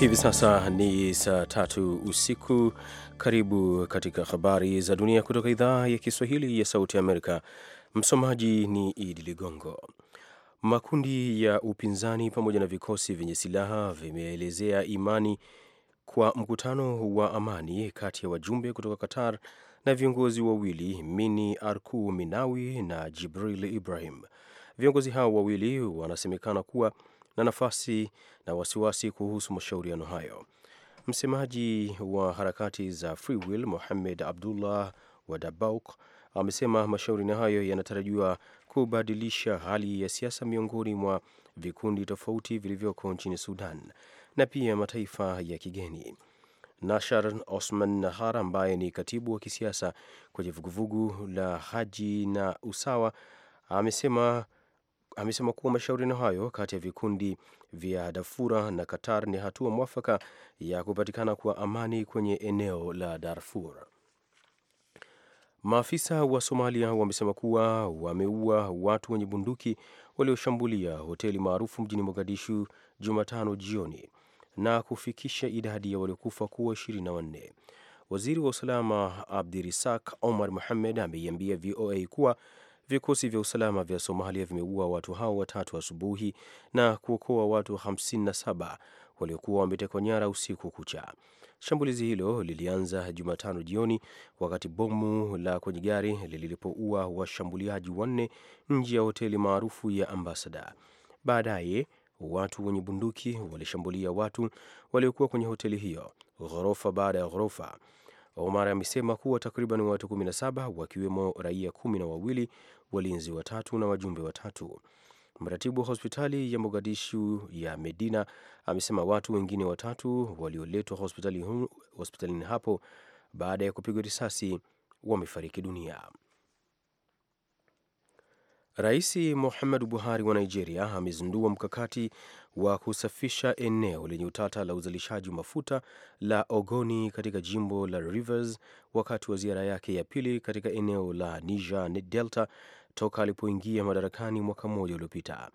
Hivi sasa ni saa tatu usiku. Karibu katika habari za dunia kutoka idhaa ya Kiswahili ya Sauti Amerika. Msomaji ni Idi Ligongo. Makundi ya upinzani pamoja na vikosi vyenye silaha vimeelezea imani kwa mkutano wa amani kati ya wajumbe kutoka Qatar na viongozi wawili Mini Arku Minawi na Jibril Ibrahim. Viongozi hao wawili wanasemekana kuwa na nafasi na wasiwasi kuhusu mashauriano hayo. Msemaji wa harakati za Free Will Mohamed Abdullah wa Dabauk amesema mashauriano hayo yanatarajiwa kubadilisha hali ya siasa miongoni mwa vikundi tofauti vilivyoko nchini Sudan na pia mataifa ya kigeni. Nashar Osman Nahar ambaye ni katibu wa kisiasa kwenye vuguvugu la Haji na Usawa amesema amesema kuwa mashauriano hayo kati ya vikundi vya dafura na Qatar ni hatua mwafaka ya kupatikana kwa amani kwenye eneo la Darfur. Maafisa wa Somalia wamesema kuwa wameua watu wenye bunduki walioshambulia hoteli maarufu mjini Mogadishu Jumatano jioni na kufikisha idadi ya waliokufa kuwa 24. Waziri wa usalama Abdirisak Omar muhammed ameiambia VOA kuwa Vikosi vya usalama vya Somalia vimeua watu hao watatu asubuhi na kuokoa watu 57 waliokuwa wametekwa nyara usiku kucha. Shambulizi hilo lilianza Jumatano jioni wakati bomu la kwenye gari lilipoua washambuliaji wanne nje ya hoteli maarufu ya Ambasada. Baadaye watu wenye bunduki walishambulia watu waliokuwa kwenye hoteli hiyo ghorofa baada ya ghorofa. Omar amesema kuwa takriban watu 17 wakiwemo raia kumi na wawili walinzi watatu na wajumbe watatu. Mratibu wa hospitali ya Mogadishu ya Medina amesema watu wengine watatu walioletwa hospitalini hapo baada ya kupigwa risasi wamefariki dunia. Rais Muhammadu Buhari wa Nigeria amezindua mkakati wa kusafisha eneo lenye utata la uzalishaji mafuta la Ogoni katika jimbo la Rivers wakati wa ziara yake ya pili katika eneo la Niger Delta toka alipoingia madarakani mwaka mmoja uliopita.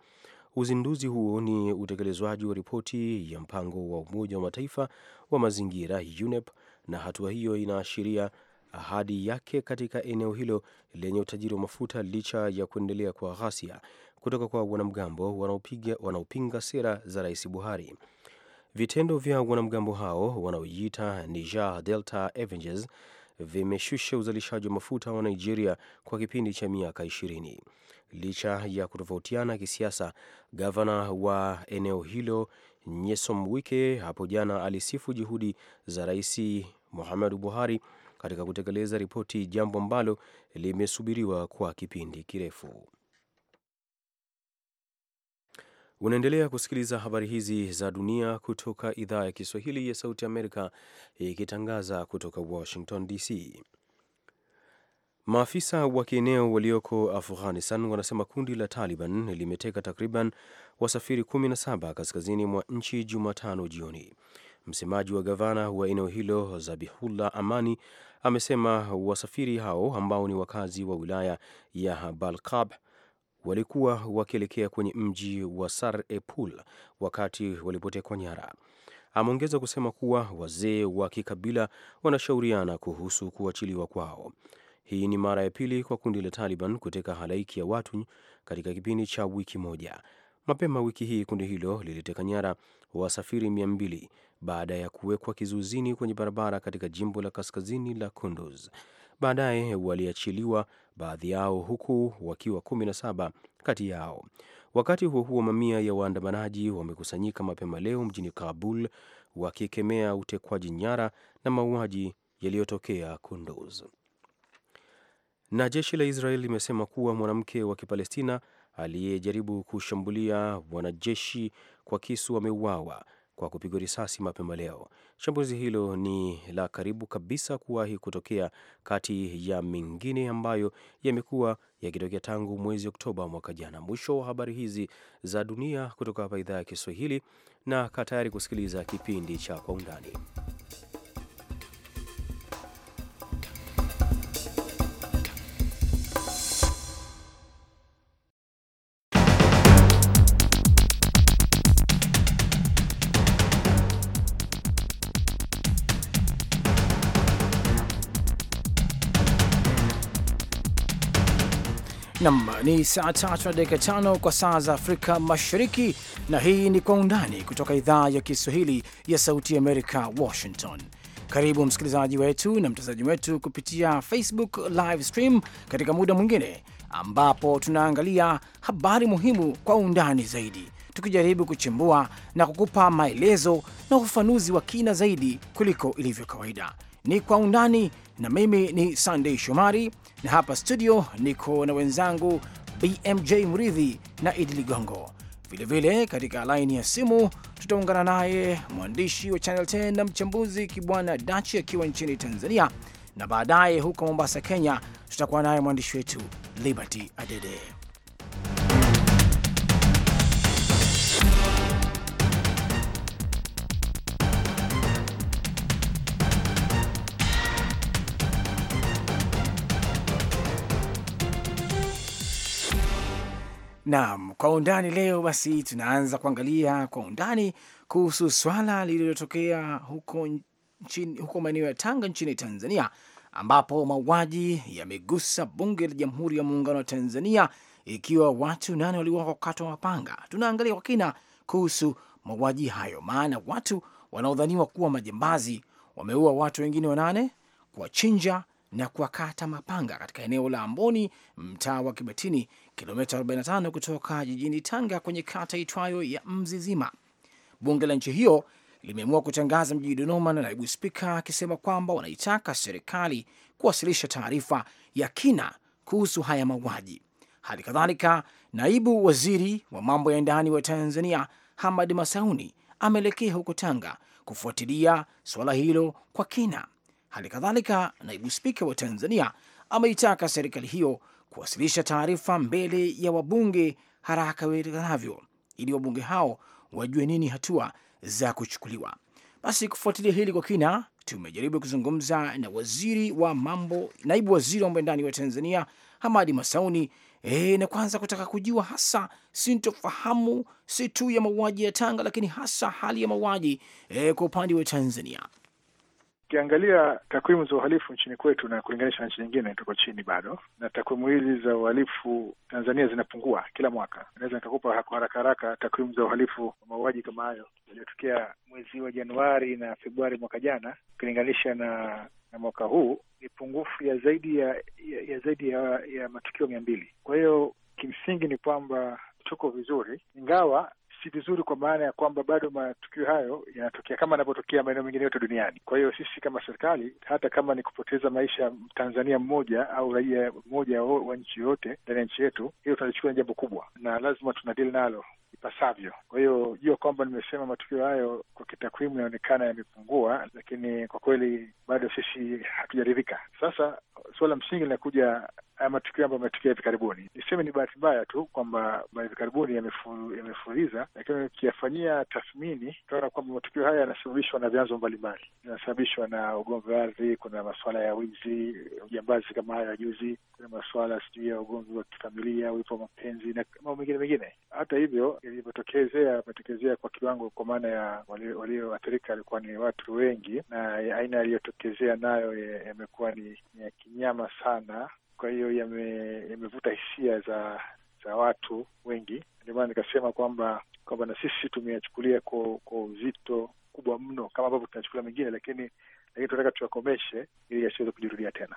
Uzinduzi huo ni utekelezwaji wa ripoti ya mpango wa Umoja wa Mataifa wa mazingira UNEP, na hatua hiyo inaashiria ahadi yake katika eneo hilo lenye utajiri wa mafuta licha ya kuendelea kwa ghasia kutoka kwa wanamgambo wanaopinga sera za Rais Buhari. Vitendo vya wanamgambo hao wanaojiita Niger Delta Avengers vimeshusha uzalishaji wa mafuta wa Nigeria kwa kipindi cha miaka ishirini. Licha ya kutofautiana kisiasa, gavana wa eneo hilo Nyesom Wike hapo jana alisifu juhudi za Rais Muhammadu Buhari katika kutekeleza ripoti, jambo ambalo limesubiriwa kwa kipindi kirefu. Unaendelea kusikiliza habari hizi za dunia kutoka idhaa ya Kiswahili ya Sauti Amerika ikitangaza kutoka Washington DC. Maafisa wa kieneo walioko Afghanistan wanasema kundi la Taliban limeteka takriban wasafiri 17 kaskazini mwa nchi Jumatano jioni. Msemaji wa gavana wa eneo hilo Zabihullah Amani amesema wasafiri hao ambao ni wakazi wa wilaya ya Balkab walikuwa wakielekea kwenye mji wa sar Epul wakati walipotekwa nyara. Ameongeza kusema kuwa wazee wa kikabila wanashauriana kuhusu kuachiliwa kwao. Hii ni mara ya pili kwa kundi la Taliban kuteka halaiki ya watu katika kipindi cha wiki moja. Mapema wiki hii kundi hilo liliteka nyara wasafiri mbili baada ya kuwekwa kizuizini kwenye barabara katika jimbo la kaskazini la Kunduz. Baadaye waliachiliwa baadhi yao, huku wakiwa 17 kati yao. Wakati huo huo, mamia ya waandamanaji wamekusanyika mapema leo mjini Kabul wakikemea utekwaji nyara na mauaji yaliyotokea Kunduz. Na jeshi la Israel limesema kuwa mwanamke wa Kipalestina aliyejaribu kushambulia wanajeshi kwa kisu ameuawa kwa kupigwa risasi mapema leo. Shambulizi hilo ni la karibu kabisa kuwahi kutokea kati ya mengine ambayo yamekuwa yakitokea tangu mwezi Oktoba mwaka jana. Mwisho wa habari hizi za dunia kutoka hapa idhaa ya Kiswahili, na kaa tayari kusikiliza kipindi cha Kwa Undani. Nam ni saa tatu na dakika tano kwa saa za Afrika Mashariki, na hii ni Kwa Undani kutoka idhaa ya Kiswahili ya Sauti ya Amerika, Washington. Karibu msikilizaji wetu na mtazamaji wetu kupitia Facebook live stream katika muda mwingine ambapo tunaangalia habari muhimu kwa undani zaidi, tukijaribu kuchimbua na kukupa maelezo na ufafanuzi wa kina zaidi kuliko ilivyo kawaida. Ni Kwa Undani na mimi ni Sandei Shomari, na hapa studio niko na wenzangu BMJ Mridhi na Idi Ligongo. Vilevile katika laini ya simu tutaungana naye mwandishi wa Channel 10 na mchambuzi Kibwana Dachi akiwa nchini Tanzania, na baadaye huko Mombasa, Kenya, tutakuwa naye mwandishi wetu Liberty Adede. Naam, kwa undani leo basi tunaanza kuangalia kwa undani kuhusu swala lililotokea huko, huko maeneo ya Tanga nchini Tanzania ambapo mauaji yamegusa bunge la Jamhuri ya Muungano wa Tanzania ikiwa watu nane waliuawa kwa kukatwa mapanga. Tunaangalia kwa kina kuhusu mauaji hayo, maana watu wanaodhaniwa kuwa majambazi wameua watu wengine wanane, kuwachinja na kuwakata mapanga katika eneo la Amboni, mtaa wa Kibatini, kilomita 45 kutoka jijini Tanga kwenye kata itwayo ya Mzizima. Bunge la nchi hiyo limeamua kutangaza mjini Dodoma na naibu spika akisema kwamba wanaitaka serikali kuwasilisha taarifa ya kina kuhusu haya mauaji. Hali kadhalika, naibu waziri wa mambo ya ndani wa Tanzania Hamad Masauni ameelekea huko Tanga kufuatilia suala hilo kwa kina. Hali kadhalika, naibu spika wa Tanzania ameitaka serikali hiyo kuwasilisha taarifa mbele ya wabunge haraka iwezekanavyo ili wabunge hao wajue nini hatua za kuchukuliwa. Basi kufuatilia hili kwa kina, tumejaribu kuzungumza na waziri wa mambo, naibu waziri wa mambo ya ndani wa Tanzania Hamadi Masauni e, na kwanza kutaka kujua hasa sintofahamu si tu ya mauaji ya Tanga, lakini hasa hali ya mauaji e, kwa upande wa Tanzania. Ukiangalia takwimu za uhalifu nchini kwetu na kulinganisha na nchi nyingine, tuko chini bado, na takwimu hizi za uhalifu Tanzania zinapungua kila mwaka. Naweza nikakupa kwa haraka haraka takwimu za uhalifu wa mauaji kama hayo yaliyotokea mwezi wa Januari na Februari mwaka jana ukilinganisha na na mwaka huu ni pungufu ya zaidi ya ya, ya zaidi ya, ya matukio mia mbili. Kwa hiyo kimsingi ni kwamba tuko vizuri, ingawa si vizuri, kwa maana ya kwamba bado matukio hayo yanatokea kama yanavyotokea maeneo mengine yote duniani. Kwa hiyo sisi kama serikali, hata kama ni kupoteza maisha ya Mtanzania mmoja au raia mmoja wa nchi yoyote ndani ya nchi yetu, hiyo tunalichukua ni jambo kubwa na lazima tunadili nalo ipasavyo. Kwa hiyo jua kwamba nimesema matukio hayo kwa kitakwimu yanaonekana yamepungua, lakini kwa kweli bado sisi hatujaridhika. Sasa suala msingi linakuja haya matukio ambayo ametokea hivi karibuni. Niseme ni bahati mbaya tu kwamba hivi karibuni yamefuliza lakini ukiyafanyia tathmini utaona kwamba matukio haya yanasababishwa na vyanzo mbalimbali, yanasababishwa na ugomvi wa ardhi, kuna masuala ya wizi, ujambazi kama hayo ya juzi, kuna masuala sijui ya ugomvi wa kifamilia, wipo wa mapenzi na mambo mengine mengine. Hata hivyo, ilivyotokezea ametokezea kwa kiwango, kwa maana ya walioathirika walikuwa ni watu wengi, na aina yaliyotokezea nayo yamekuwa ni ya nyama sana, kwa hiyo yamevuta yame hisia za za watu wengi. Ndio maana nikasema kwamba kwamba na sisi tumeyachukulia kwa, kwa uzito kubwa mno kama ambavyo tunachukulia mengine, lakini lakini tunataka tuyakomeshe ili yasiweze kujirudia tena.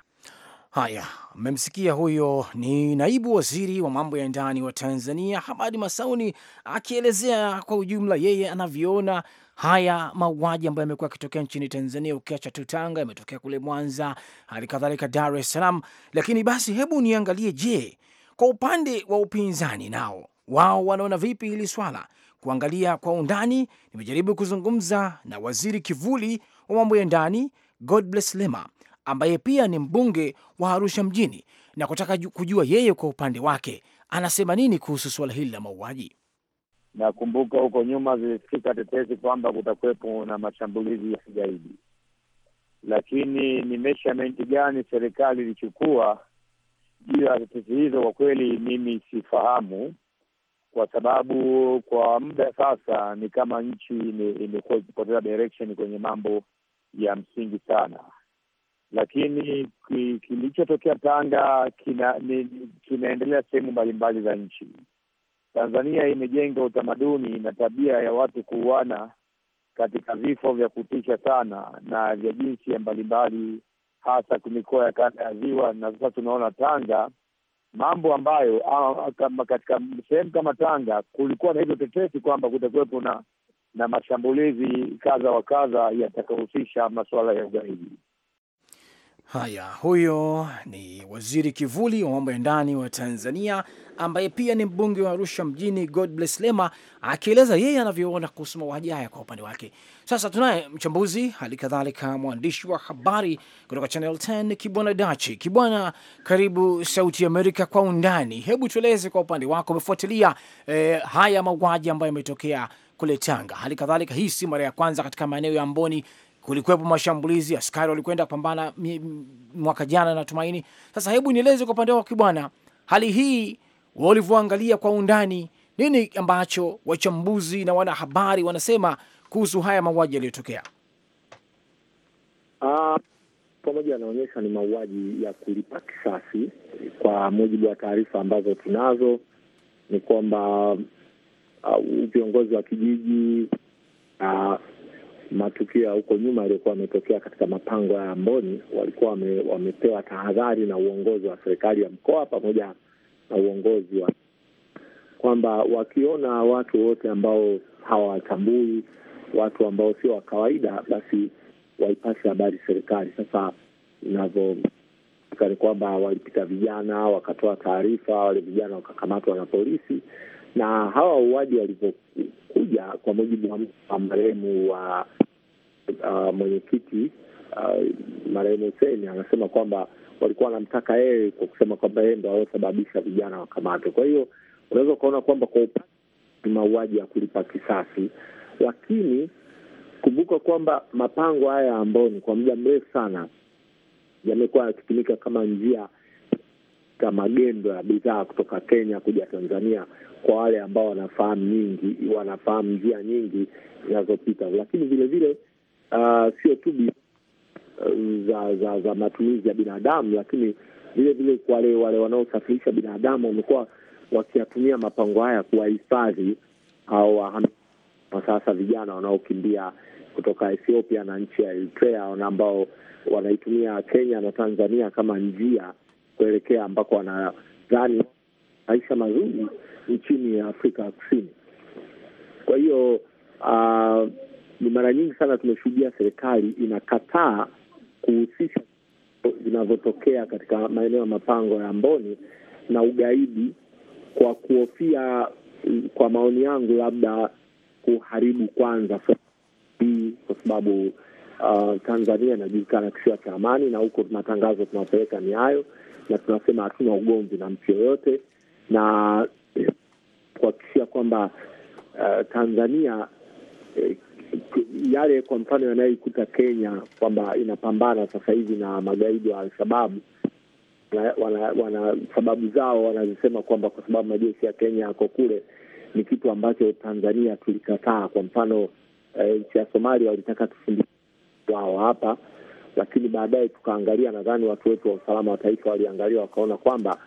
Haya, mmemsikia huyo ni naibu waziri wa mambo ya ndani wa Tanzania Hamadi Masauni akielezea kwa ujumla yeye anavyoona haya mauaji ambayo yamekuwa yakitokea nchini Tanzania, ukiacha tu Tanga, yametokea kule Mwanza, hali kadhalika Dar es Salaam. Lakini basi hebu niangalie, je, kwa upande wa upinzani nao wao wanaona vipi hili swala? Kuangalia kwa undani, nimejaribu kuzungumza na waziri kivuli wa mambo ya ndani Godbless Lema ambaye pia ni mbunge wa Arusha mjini na kutaka kujua yeye kwa upande wake anasema nini kuhusu suala hili la mauaji. Nakumbuka huko nyuma zilifika tetesi kwamba kutakuwepo na mashambulizi ya kigaidi, lakini ni measurement gani serikali ilichukua juu ya tetesi hizo? Kwa kweli mimi sifahamu, kwa sababu kwa muda sasa ni kama nchi imekuwa ikipoteza direction kwenye mambo ya msingi sana lakini kilichotokea Tanga kina, ni, kinaendelea sehemu mbalimbali za nchi. Tanzania imejenga utamaduni na tabia ya watu kuuana katika vifo vya kutisha sana na vya ya mbalimbali, hasa mikoa ya kanda ya Ziwa, na sasa tunaona Tanga, mambo ambayo kama katika sehemu kama Tanga kulikuwa na hizo tetesi kwamba kutakuwepo na na mashambulizi kadha wa kadha yatakahusisha masuala ya ugaidi. Haya, huyo ni waziri kivuli wa mambo ya ndani wa Tanzania ambaye pia ni mbunge wa Arusha mjini, God Bless Lema, akieleza yeye anavyoona kuhusu mauaji haya kwa upande wake. Sasa tunaye mchambuzi, hali kadhalika mwandishi wa habari kutoka Channel 10 Kibwana Dachi. Kibwana, karibu Sauti Amerika kwa undani. Hebu tueleze kwa upande wako, umefuatilia eh, haya mauaji ambayo yametokea kule Tanga. Hali kadhalika hii si mara ya kwanza katika maeneo ya mboni kulikuwepo mashambulizi, askari walikwenda kupambana mwaka jana na Tumaini. Sasa hebu nieleze kwa upande wako bwana, hali hii walivyoangalia kwa undani, nini ambacho wachambuzi na wanahabari wanasema kuhusu haya mauaji yaliyotokea? Uh, pamoja yanaonyesha ni mauaji ya kulipa kisasi. Kwa mujibu wa taarifa ambazo tunazo ni kwamba ah, viongozi uh, wa kijiji uh, matukio ya huko nyuma yaliyokuwa yametokea katika mapango ya Amboni, walikuwa wame, wamepewa tahadhari na uongozi wa serikali ya mkoa pamoja na uongozi wa kwamba wakiona watu wote ambao hawawatambui, watu ambao sio wa kawaida, basi waipashe habari serikali. Sasa inavyo ni kwamba walipita vijana wakatoa taarifa, wale vijana wakakamatwa na polisi na hawa wauaji walivyokuja, kwa mujibu wa marehemu wa uh, mwenyekiti uh, marehemu Huseni anasema kwamba walikuwa wanamtaka yeye kwa kusema kwamba yeye ndo aliosababisha vijana wakamatwe. Kwa hiyo unaweza ukaona kwamba kwa upande ni mauaji ya kulipa kisasi, lakini kumbuka kwamba mapango haya ya ni kwa muda mrefu sana yamekuwa yakitumika kama njia katika magendo ya bidhaa kutoka Kenya kuja Tanzania, kwa wale ambao wanafahamu nyingi, wanafahamu njia nyingi zinazopita, lakini vilevile uh, sio tu uh, za, za za matumizi ya binadamu, lakini vile vile wale wale wanaosafirisha binadamu wamekuwa wakiyatumia mapango haya kuwahifadhi au kwa sasa vijana wanaokimbia kutoka Ethiopia na nchi ya Eritrea na ambao wanaitumia Kenya na Tanzania kama njia kuelekea ambako wanadhani maisha mazuri nchini ya Afrika ya Kusini. Kwa hiyo uh, ni mara nyingi sana tumeshuhudia serikali inakataa kuhusisha vinavyotokea katika maeneo ya mapango ya Amboni na ugaidi kwa kuhofia, kwa maoni yangu, labda kuharibu kwanza hii, kwa sababu uh, Tanzania inajulikana kisiwa cha amani, na huko matangazo tunapeleka ni hayo na tunasema hatuna ugomvi na mtu yoyote, na kuhakikishia kwamba uh, Tanzania eh, yale kwa mfano yanayoikuta Kenya kwamba inapambana sasa hivi na magaidi wa Alshababu wana, wana, sababu zao wanazisema kwamba kwa sababu majeshi ya Kenya yako kule, ni kitu ambacho Tanzania tulikataa. Kwa mfano eh, nchi eh, ya Somalia walitaka tufundi wao hapa lakini baadaye tukaangalia, nadhani watu wetu wa usalama wa taifa waliangalia wakaona kwamba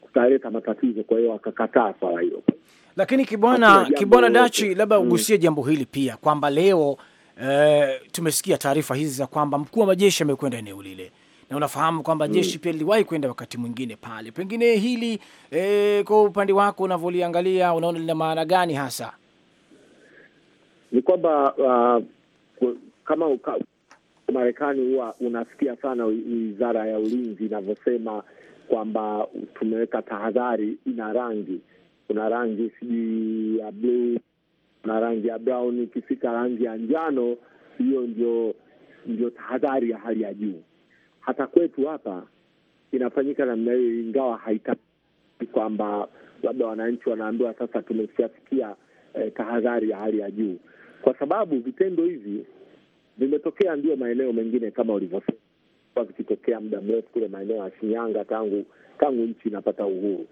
kutaleta ah, ah, matatizo, kwa hiyo wakakataa swala hilo. Lakini Kibwana Kibwana Dachi, labda mm. ugusie mm, jambo hili pia kwamba leo e, tumesikia taarifa hizi za kwamba mkuu wa majeshi amekwenda eneo lile na unafahamu kwamba mm. jeshi pia liliwahi kwenda wakati mwingine pale. Pengine hili e, kwa upande wako unavyoliangalia, unaona lina maana gani hasa? Ni kwamba uh, kama Marekani huwa unasikia sana wizara ya ulinzi inavyosema kwamba tumeweka tahadhari, ina rangi, kuna rangi sijui ya bluu na rangi ya brown. Ikifika rangi ya njano, hiyo ndio ndio tahadhari ya hali ya juu. Hata kwetu hapa inafanyika namna hiyo, ingawa haita kwamba labda wananchi wanaambiwa sasa tumeshafikia eh, tahadhari ya hali ya juu, kwa sababu vitendo hivi vimetokea ndio maeneo mengine kama ulivyosema vikitokea muda mrefu kule maeneo ya Shinyanga tangu tangu nchi inapata uhuru,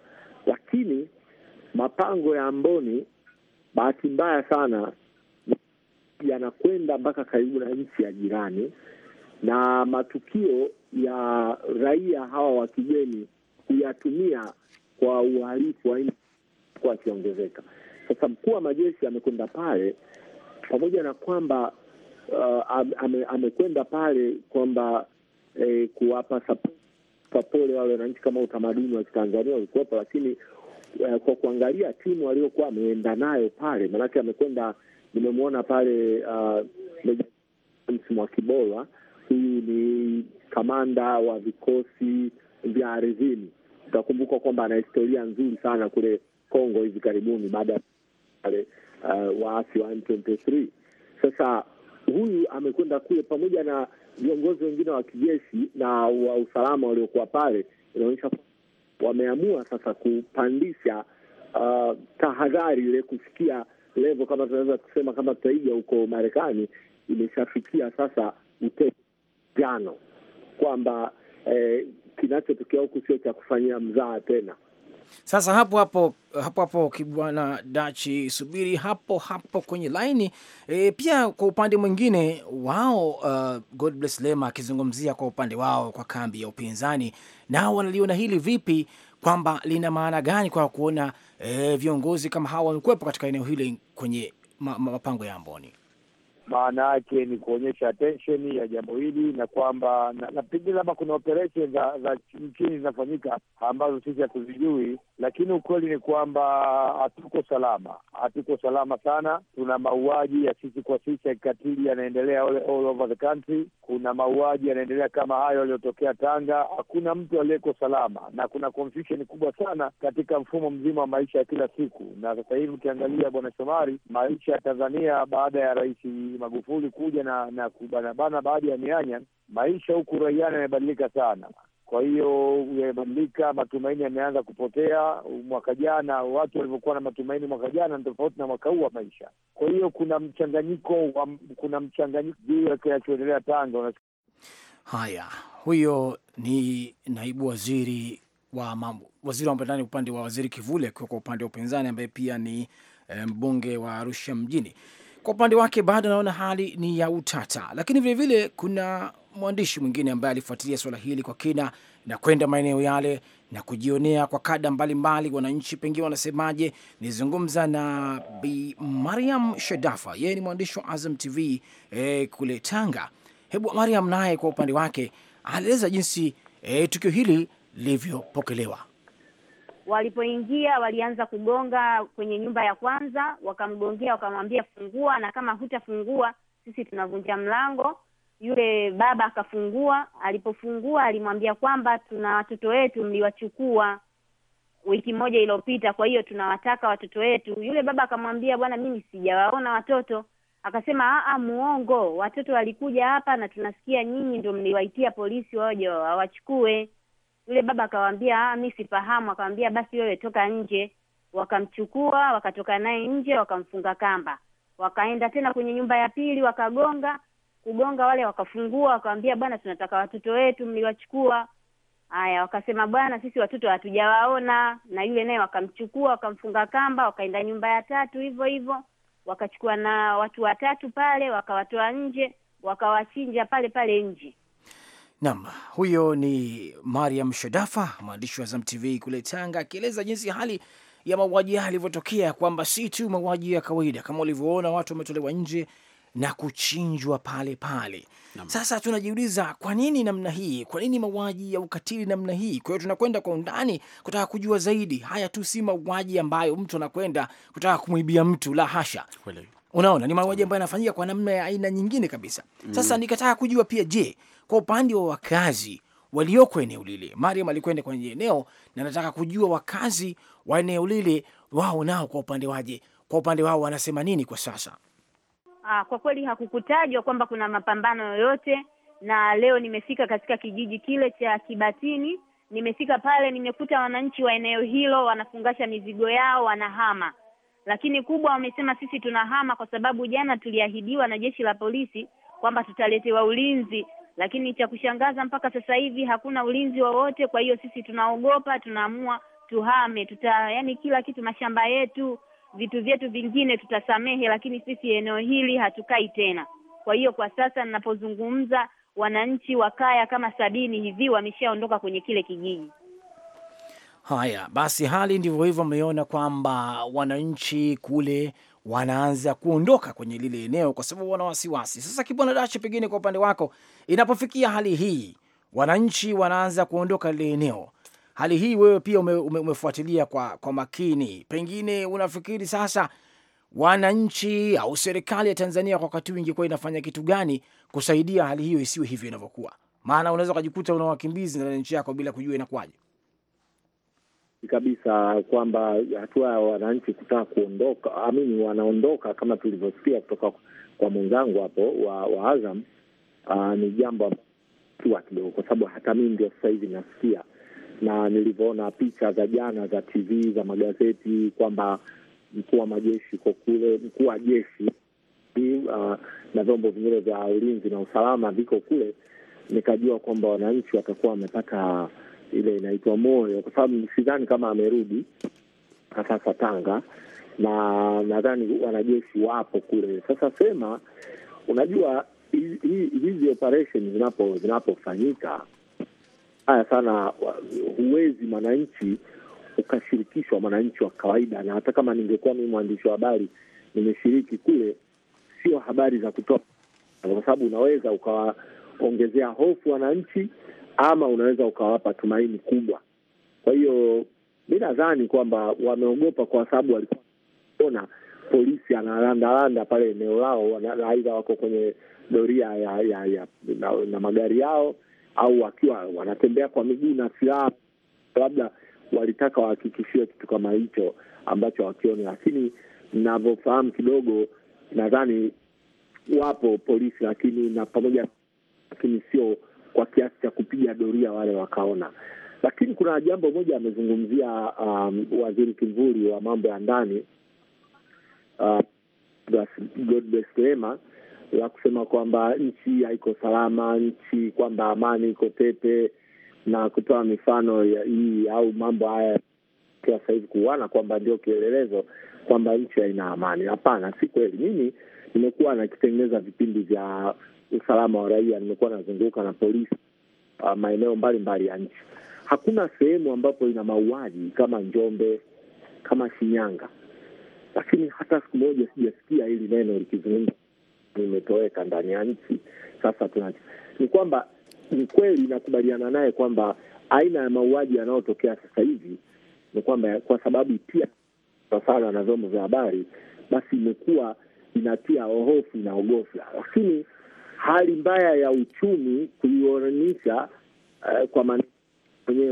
lakini mapango ya Amboni bahati mbaya sana yanakwenda mpaka karibu na nchi ya jirani, na matukio ya raia hawa wa kigeni kuyatumia kwa uhalifu wa nchi kuwa akiongezeka. Sasa mkuu wa majeshi amekwenda pale, pamoja na kwamba uh, ame, amekwenda pale kwamba eh, kuwapa pole wale wananchi kama utamaduni wa Kitanzania ulikuwepo, lakini uh, kwa kuangalia timu aliyokuwa ameenda nayo pale, maanake amekwenda, nimemwona pale uh, Mwakibola, huyu ni kamanda wa vikosi vya ardhini. Utakumbuka kwamba ana historia nzuri sana kule Kongo hivi karibuni baada ya uh, waasi wa M23. Sasa huyu amekwenda kule pamoja na viongozi wengine wa kijeshi na wa usalama waliokuwa pale. Inaonyesha wameamua sasa kupandisha uh, tahadhari ile kufikia levo, kama tunaweza kusema kama tutaija huko Marekani imeshafikia sasa utejano kwamba eh, kinachotokea huku sio cha kufanyia mzaa tena. Sasa hapo hapo hapo hapo Kibwana Dachi, subiri hapo hapo kwenye laini e. Pia kwa upande mwingine wao, uh, God bless Lema akizungumzia kwa upande wao kwa kambi ya upinzani, nao wanaliona hili vipi, kwamba lina maana gani kwa kuona e, viongozi kama hawa wamekuwepo katika eneo hili kwenye mapango ma, ya Amboni maana yake ni kuonyesha attention ya jambo hili na kwamba na, na pengine labda kuna operation za za nchini zinafanyika ambazo sisi hatuzijui, lakini ukweli ni kwamba hatuko salama, hatuko salama sana. Tuna mauaji ya sisi kwa sisi ya kikatili yanaendelea all, over the country. Kuna mauaji yanaendelea kama hayo yaliyotokea Tanga. Hakuna mtu aliyeko salama, na kuna confusion kubwa sana katika mfumo mzima wa maisha ya kila siku. Na sasa hivi ukiangalia, Bwana Shomari, maisha ya Tanzania baada ya rais Magufuli kuja na na kubanabana baadhi ya mianya, maisha huku raiani yamebadilika sana. Kwa hiyo yamebadilika, matumaini yameanza kupotea. Mwaka jana watu walivyokuwa na matumaini mwaka jana ni tofauti na mwaka huu wa maisha. Kwa hiyo kuna mchanganyiko, kuna mchanganyiko juu ya kinachoendelea Tanga. Haya, huyo ni naibu waziri wa mambo, waziri wa mambo ndani upande wa waziri Kivule akiwa kwa upande wa upinzani, ambaye pia ni eh, mbunge wa Arusha mjini. Kwa upande wake bado anaona hali ni ya utata, lakini vilevile vile kuna mwandishi mwingine ambaye alifuatilia suala hili kwa kina na kwenda maeneo yale na kujionea kwa kada mbalimbali, wananchi pengine wanasemaje. Nizungumza na Bi Mariam Shedafa, yeye ni mwandishi wa Azam TV eh, kule Tanga. Hebu Mariam naye kwa upande wake alieleza jinsi eh, tukio hili lilivyopokelewa. Walipoingia walianza kugonga kwenye nyumba ya kwanza, wakamgongea, wakamwambia fungua, na kama hutafungua sisi tunavunja mlango. Yule baba akafungua. Alipofungua alimwambia kwamba tuna watoto wetu mliwachukua wiki moja iliyopita, kwa hiyo tunawataka watoto wetu. Yule baba akamwambia, bwana, mimi sijawaona watoto. Akasema aa, muongo, watoto walikuja hapa na tunasikia nyinyi ndo mliwaitia polisi waje wawachukue. Yule baba akawambia ah, mi sifahamu, akawambia basi wewe toka nje. Wakamchukua wakatoka naye nje, wakamfunga kamba, wakaenda tena kwenye nyumba ya pili, wakagonga kugonga, wale wakafungua, wakawambia bwana, tunataka watoto wetu mliwachukua. Haya, wakasema bwana, sisi watoto hatujawaona. Na yule naye wakamchukua, wakamfunga kamba, wakaenda nyumba ya tatu hivyo hivyo, wakachukua na watu watatu pale, wakawatoa nje, wakawachinja pale pale nje. Nam, huyo ni Mariam Shadafa, mwandishi wa Zam TV kule Tanga, akieleza jinsi hali ya mauaji haya yalivyotokea, kwamba si tu mauaji ya kawaida kama ulivyoona, watu wametolewa nje na kuchinjwa pale pale. Nama. Sasa tunajiuliza kwa nini namna hii, kwa nini mauaji ya ukatili namna hii? Kwa hiyo tunakwenda kwa undani kutaka kujua zaidi. Haya tu si mauaji ambayo mtu anakwenda kutaka kumwibia mtu, la hasha. Unaona, ni mauaji ambayo yanafanyika kwa namna ya aina nyingine kabisa. Mm. Sasa nikataka kujua pia, je, kwa upande wa wakazi walioko eneo lile, Mariam alikwenda kwenye eneo na nataka kujua wakazi wa eneo lile wao nao kwa upande waje, kwa upande wao wanasema nini kwa sasa? Aa, ah, kwa kweli hakukutajwa kwamba kuna mapambano yoyote, na leo nimefika katika kijiji kile cha Kibatini. Nimefika pale, nimekuta wananchi wa eneo hilo wanafungasha mizigo yao, wanahama. Lakini kubwa wamesema, sisi tunahama kwa sababu jana tuliahidiwa na jeshi la polisi kwamba tutaletewa ulinzi lakini cha kushangaza mpaka sasa hivi hakuna ulinzi wowote. Kwa hiyo sisi tunaogopa, tunaamua tuhame, tuta yani kila kitu, mashamba yetu, vitu vyetu vingine tutasamehe, lakini sisi eneo hili hatukai tena. Kwa hiyo kwa sasa ninapozungumza, wananchi wa kaya kama sabini hivi wameshaondoka kwenye kile kijiji. Haya basi, hali ndivyo hivyo, mmeona kwamba wananchi kule wanaanza kuondoka kwenye lile eneo kwa sababu wana wasiwasi. Sasa Kibwana Dashi, pengine kwa upande wako, inapofikia hali hii, wananchi wanaanza kuondoka lile eneo, hali hii wewe pia ume, ume, umefuatilia kwa, kwa makini, pengine unafikiri sasa wananchi au serikali ya Tanzania kwa wakati huu ingekuwa inafanya kitu gani kusaidia hali hiyo isiwe hivyo inavyokuwa? Maana unaweza ukajikuta una wakimbizi ndani ya nchi yako bila kujua inakuwaje kabisa kwamba hatua ya wananchi kutaka kuondoka, amini wanaondoka kama tulivyosikia kutoka kwa mwenzangu hapo wa, wa Azam uh, ni jambo ambalo kidogo, kwa sababu hata mimi ndio sasa hivi nasikia na nilivyoona picha za jana za TV za magazeti kwamba mkuu wa majeshi ko kule, mkuu wa jeshi uh, na vyombo vingine vya ulinzi na usalama viko kule, nikajua kwamba wananchi watakuwa wamepata ile inaitwa moyo, kwa sababu sidhani kama amerudi sasa Tanga, na nadhani wanajeshi wapo kule. Sasa sema, unajua hizi operation zinapo zinapofanyika haya sana, huwezi mwananchi ukashirikishwa, mwananchi wa kawaida. Na hata kama ningekuwa mimi mwandishi wa habari nimeshiriki kule, sio habari za kutoa, kwa sababu unaweza ukawaongezea hofu wananchi ama unaweza ukawapa tumaini kubwa. Kwa hiyo mi nadhani kwamba wameogopa kwa sababu walikuwa polisi analandalanda pale eneo lao, aidha wako kwenye doria ya, ya, ya na, na magari yao au wakiwa wanatembea kwa miguu na silaha, labda walitaka wahakikishie kitu kama hicho ambacho wakioni. lakini navyofahamu kidogo, nadhani wapo polisi, lakini na pamoja, lakini sio kwa kiasi cha kupiga doria wale wakaona. Lakini kuna jambo moja amezungumzia um, waziri Kimvuri wa mambo ya ndani uh, Godbless Lema la kusema kwamba nchi haiko salama, nchi kwamba amani iko tete, na kutoa mifano hii au mambo haya kwa sahivi kuuana kwamba ndio kielelezo kwamba nchi haina amani. Hapana, si kweli. Mimi nimekuwa nakitengeneza vipindi vya usalama wa raia. Nimekuwa nazunguka na polisi uh, maeneo mbalimbali ya nchi. Hakuna sehemu ambapo ina mauaji kama Njombe, kama Shinyanga, lakini hata siku moja sijasikia hili neno likizungumza, limetoweka ndani ya nchi. Sasa tuna ni kwamba ni kweli, nakubaliana naye kwamba aina ya mauaji yanayotokea sasa hivi ni kwamba kwa sababu pia sana na vyombo vya habari, basi imekuwa inatia hofu, inaogofya, lakini hali mbaya ya uchumi kuionanisha uh, eh, kwa man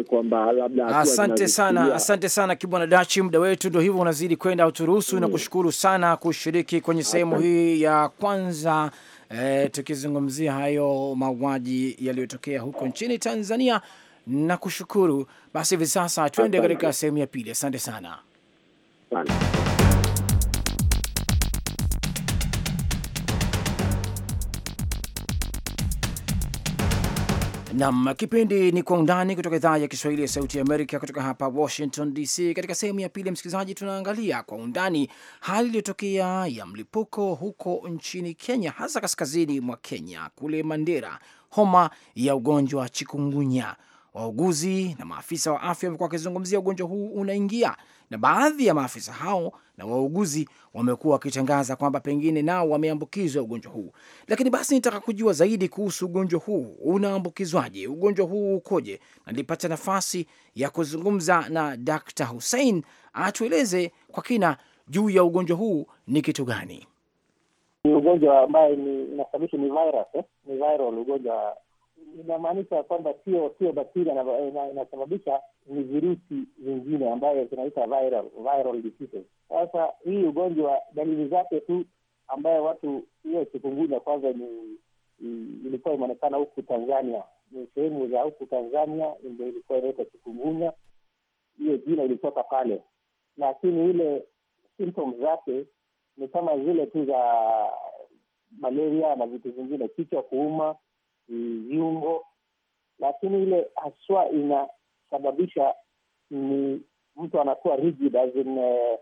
kwamba labda. Asante sana, asante sana Kibwana Dachi, muda wetu ndio hivyo unazidi kwenda, uturuhusu mm. na kushukuru sana kushiriki kwenye sehemu hii ya kwanza. E, tukizungumzia hayo mauaji yaliyotokea huko nchini Tanzania na kushukuru. Basi hivi sasa tuende katika sehemu ya pili. Asante sana, sana. Nam, kipindi ni Kwa Undani kutoka idhaa ya Kiswahili ya Sauti ya Amerika kutoka hapa Washington DC. Katika sehemu ya pili, msikilizaji, tunaangalia kwa undani hali iliyotokea ya mlipuko huko nchini Kenya, hasa kaskazini mwa Kenya kule Mandera, homa ya ugonjwa chikungunya Wauguzi na maafisa wa afya wamekuwa wakizungumzia ugonjwa huu unaingia, na baadhi ya maafisa hao na wauguzi wamekuwa wakitangaza kwamba pengine nao wameambukizwa ugonjwa huu. Lakini basi nitaka kujua zaidi kuhusu ugonjwa huu, unaambukizwaje? Ugonjwa huu ukoje? Na nilipata nafasi ya kuzungumza na Dr. Hussein atueleze kwa kina juu ya ugonjwa huu ni kitu gani. Ni ugonjwa ambaye inasababishwa ni virus eh? Ni viral ugonjwa inamaanisha kwamba sio sio bakteria inasababisha, ni virusi vingine ambayo zinaita viral viral diseases. Sasa hii ugonjwa dalili zake tu ambayo watu, hiyo ya kwanza ni ilikuwa imeonekana huku Tanzania, ni sehemu za huku Tanzania ndio ilikuwa inaitwa chikungunya, hiyo jina ilitoka pale, lakini ile symptoms zake ni kama zile tu za malaria na vitu vingine, kichwa kuuma viungo, lakini ile haswa inasababisha ni mtu anakuwa rigid, as in eh,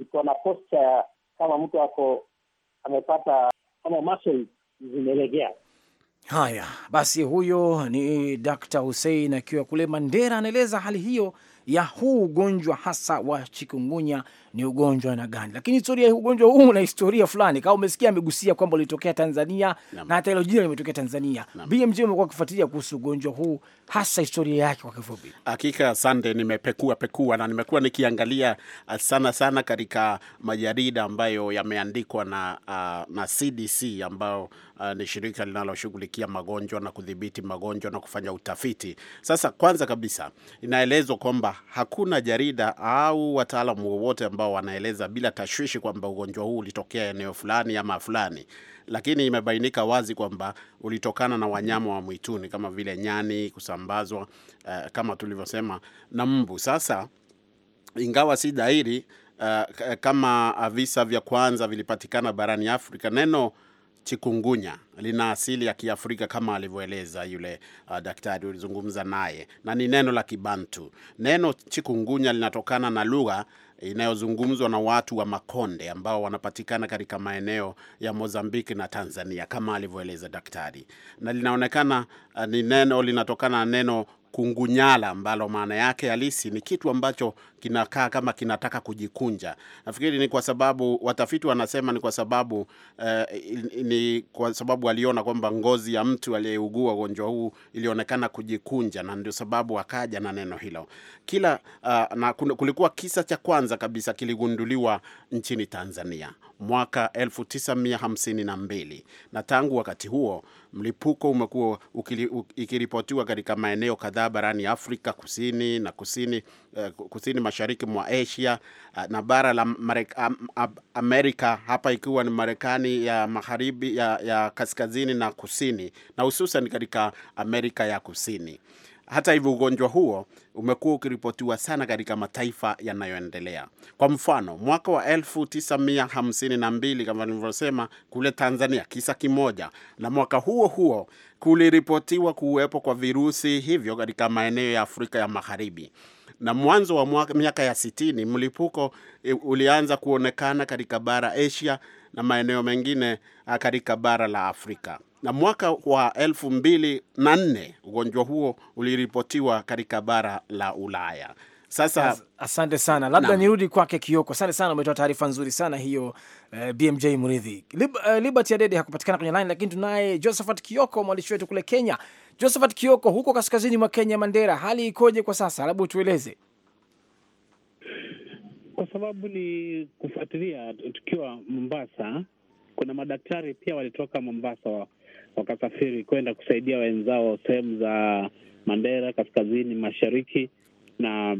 iko na posture kama mtu ako amepata kama muscle zimelegea. Haya basi, huyo ni Dr. Hussein akiwa kule Mandera, anaeleza hali hiyo ya huu ugonjwa hasa wa chikungunya ni ugonjwa na gani, lakini historia ya ugonjwa huu na historia fulani, kama umesikia amegusia kwamba ulitokea Tanzania na hata hilo jina limetokea Tanzania. BMJ umekuwa ukifuatilia kuhusu ugonjwa huu hasa historia yake kwa kifupi. Hakika sande, nimepekua pekua na nimekuwa nikiangalia uh, sana sana katika majarida ambayo yameandikwa na, uh, na CDC ambao uh, ni shirika linaloshughulikia magonjwa na kudhibiti magonjwa na kufanya utafiti. Sasa kwanza kabisa, inaelezwa kwamba hakuna jarida au wataalamu wowote ambao wanaeleza bila tashwishi kwamba ugonjwa huu ulitokea eneo fulani ama fulani, lakini imebainika wazi kwamba ulitokana na wanyama wa mwituni kama vile nyani kusambazwa, uh, kama tulivyosema na mbu. Sasa ingawa si dhahiri Uh, kama visa vya kwanza vilipatikana barani Afrika, neno chikungunya lina asili ya Kiafrika kama alivyoeleza yule uh, daktari ulizungumza naye, na ni neno la Kibantu. Neno chikungunya linatokana na lugha inayozungumzwa na watu wa Makonde ambao wanapatikana katika maeneo ya Mozambiki na Tanzania kama alivyoeleza daktari, na linaonekana uh, ni neno linatokana na neno kungunyala ambalo maana yake halisi ni kitu ambacho kinakaa kama kinataka kujikunja. Nafikiri ni kwa sababu watafiti wanasema ni kwa sababu uh, ni kwa sababu waliona kwamba ngozi ya mtu aliyeugua ugonjwa huu ilionekana kujikunja, na ndio sababu akaja na neno hilo kila uh, na kulikuwa kisa cha kwanza kabisa kiligunduliwa nchini Tanzania mwaka 1952 na tangu wakati huo mlipuko umekuwa ikiripotiwa katika maeneo kadhaa barani Afrika kusini na kusini Eh, kusini mashariki mwa Asia eh, na bara la Amerika, hapa ikiwa ni Marekani ya magharibi ya, ya kaskazini na kusini na hususan katika Amerika ya kusini. Hata hivyo ugonjwa huo umekuwa ukiripotiwa sana katika mataifa yanayoendelea. Kwa mfano, mwaka wa 1952 kama nilivyosema, kule Tanzania kisa kimoja, na mwaka huo huo kuliripotiwa kuwepo kwa virusi hivyo katika maeneo ya Afrika ya Magharibi na mwanzo wa mwaka, miaka ya sitini mlipuko e, ulianza kuonekana katika bara Asia na maeneo mengine katika bara la Afrika na mwaka wa elfu mbili na nne ugonjwa huo uliripotiwa katika bara la Ulaya. Sasa asante sana, labda nirudi kwake Kioko. Asante sana, umetoa taarifa nzuri sana hiyo. E, BMJ Mridhi Lib, uh, Liberty Adede hakupatikana kwenye line, lakini tunaye Josephat Kioko, mwandishi wetu kule Kenya. Josephat Kioko, huko kaskazini mwa Kenya, Mandera, hali ikoje kwa sasa? Labda tueleze. Kwa sababu ni kufuatilia tukiwa Mombasa, kuna madaktari pia walitoka Mombasa wakasafiri kwenda kusaidia wenzao sehemu za Mandera, kaskazini mashariki, na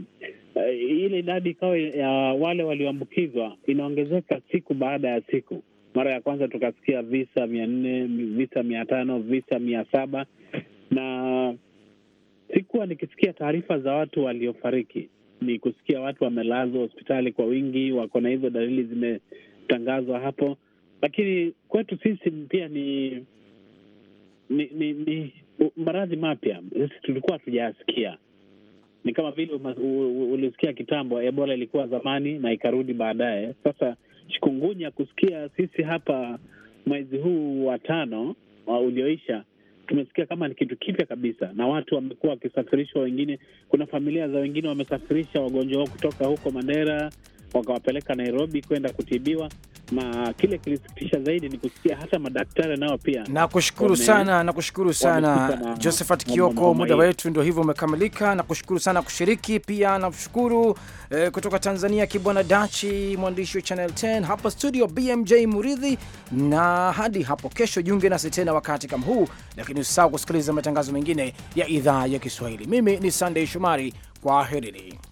uh, ile idadi ikawa ya wale walioambukizwa inaongezeka siku baada ya siku. Mara ya kwanza tukasikia visa mia nne, visa mia tano, visa mia saba na sikuwa nikisikia taarifa za watu waliofariki. Ni kusikia watu wamelazwa hospitali kwa wingi, wako na hizo dalili zimetangazwa hapo, lakini kwetu sisi pia ni ni, ni, ni maradhi mapya, sisi tulikuwa hatujayasikia. Ni kama vile ulisikia kitambo Ebola ilikuwa zamani na ikarudi baadaye. Sasa chikungunya kusikia sisi hapa mwezi huu wa tano ulioisha tumesikia kama ni kitu kipya kabisa, na watu wamekuwa wakisafirishwa, wengine, kuna familia za wengine wamesafirisha wagonjwa wao kutoka huko Mandera wakawapeleka Nairobi kwenda kutibiwa na kile kilisikitisha zaidi ni kusikia hata madaktari nao pia. Nakushukuru sana, nakushukuru sana Josephat Kioko, muda wetu ndio hivyo umekamilika. Nakushukuru sana kushiriki pia, nakushukuru eh, kutoka Tanzania Kibwana Dachi, mwandishi wa Channel 10 hapa studio BMJ Muridhi, na hadi hapo kesho jiunge nasi tena wakati kama huu, lakini usisahau kusikiliza matangazo mengine ya idhaa ya Kiswahili. Mimi ni Sunday Shumari, kwaherini.